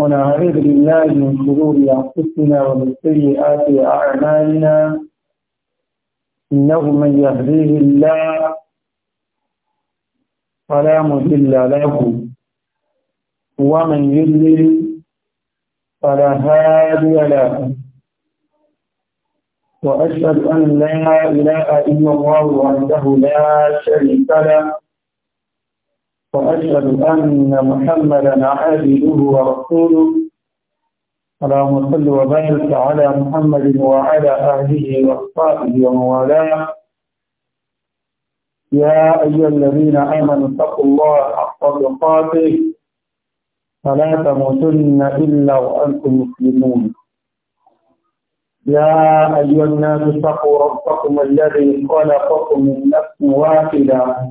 ونعوذ بالله من شرور أنفسنا ومن سيئات أعمالنا إنه من يهديه الله فلا مضل له ومن يضلل فلا هادي له وأشهد أن لا إله إلا الله وحده لا شريك له وأشهد أن محمدا عبده ورسوله اللهم صل وبارك على محمد وعلى آله وأصحابه ومن يا أيها الذين آمنوا اتقوا الله حق تقاته فلا تموتن إلا وأنتم مسلمون يا أيها الناس اتقوا ربكم الذي خلقكم من نفس واحدة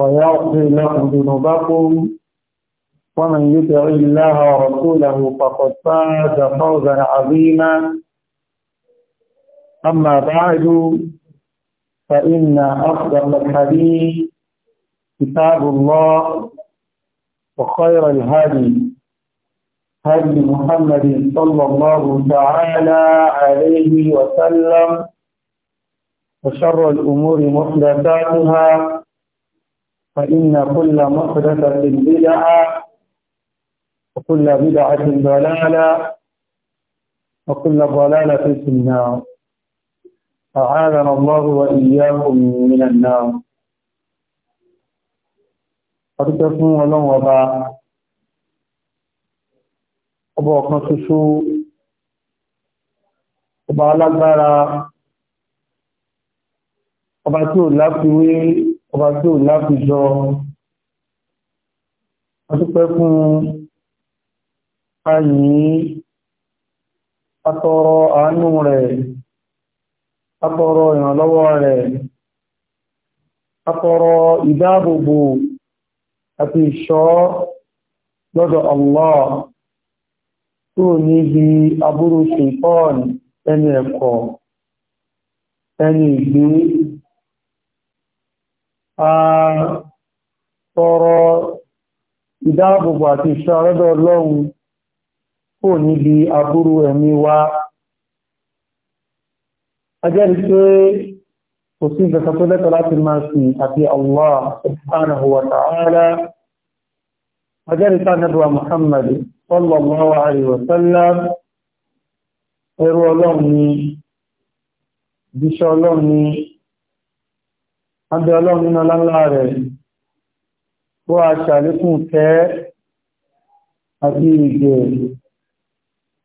ويغفر لكم ذنوبكم ومن يطع الله ورسوله فقد فاز فوزا عظيما أما بعد فإن أفضل الحديث كتاب الله وخير الهدي هدي محمد صلى الله تعالى عليه وسلم وشر الأمور محدثاتها فإن كل محدثة بدعة وكل بدعة ضلالة وكل ضلالة في النار أعاذنا الله وإياكم من النار Ọdúkẹ́ fún ọlọ́run ọba ọba ọ̀kan ṣoṣo ọba alágbára ọba tí ò láfiwé ọba tí ò láfijọ́ adúpẹ́ fún ayìí atọrọ àánú rẹ̀ atọrọ ìrànlọ́wọ́ rẹ̀ atọrọ ìdáàbòbò àti ìṣọ́ lọ́dọ̀ Allah tó níbi aburú ṣe pọ́ọ̀nì ẹni ẹ̀kọ́ ẹni ìgbé tọrọ ìdáàbòbò àti ìṣàrẹ́dọ̀ ọlọ́run kò níbi aburú ẹ̀mí wa ajẹ́rí pé kò sí ìgbẹ̀sà tó lẹ́tọ̀ láti máa sì àti Allah subhanahu wa ta'ala ajẹ́rí tánàdùwà Muhammad sallallahu alaihi wa sallam ẹrú ọlọ́run ni bíṣọ́ ọlọ́run ni abẹ́ ọlọ́run nínú ọlọ́lá rẹ̀ kó a ṣàlékún tẹ́ àti ìgbẹ̀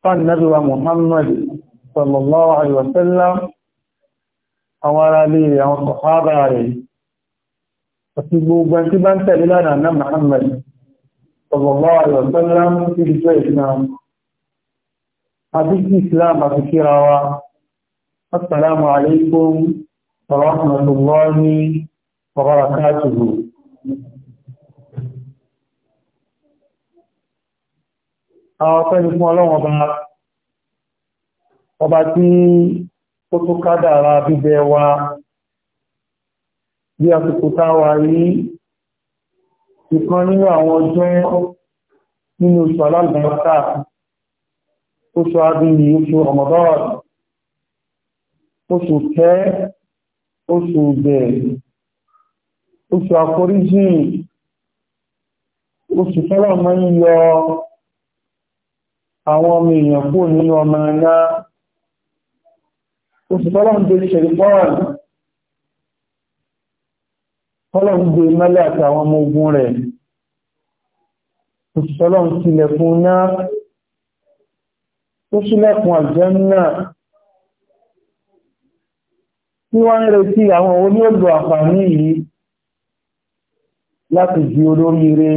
fánàbíwa Muhammad sallallahu alaihi wasallam àwọn ará lè àwọn kọ̀hábà rẹ̀ àti gbogbo tí bá ń tẹ̀lé lánà náà Muhammad sallallahu alaihi wasallam ti ورحمة الله وبركاته àwọn ọ̀pẹ́ni fún ọlọ́run ọba ọba tí ó tó kádàrà bíbẹ̀ wa bí àsìkò táwà rí ìkan nínú àwọn ọjọ́ nínú oṣù alágbàtà oṣù abìnrin oṣù ọmọdọ́rọ̀ oṣù kẹ́ oṣù ìbẹ̀rẹ̀ oṣù àforíjì oṣù tọ́lá mọ́ ń yọ àwọn ọmọ èèyàn kú nínú ọmọ ẹ̀nà oṣù tọ́lá ń bẹ ṣẹ̀rí pọ́ọ̀lù tọ́lá ń bẹ mẹ́lẹ̀ àti àwọn ọmọ ogun rẹ̀ oṣù tọ́lá ń tilẹ̀kùn náà tó sílẹ̀kùn àjẹ́ náà tí wọ́n ń retí àwọn olóògbò àǹfààní yìí láti di olóríire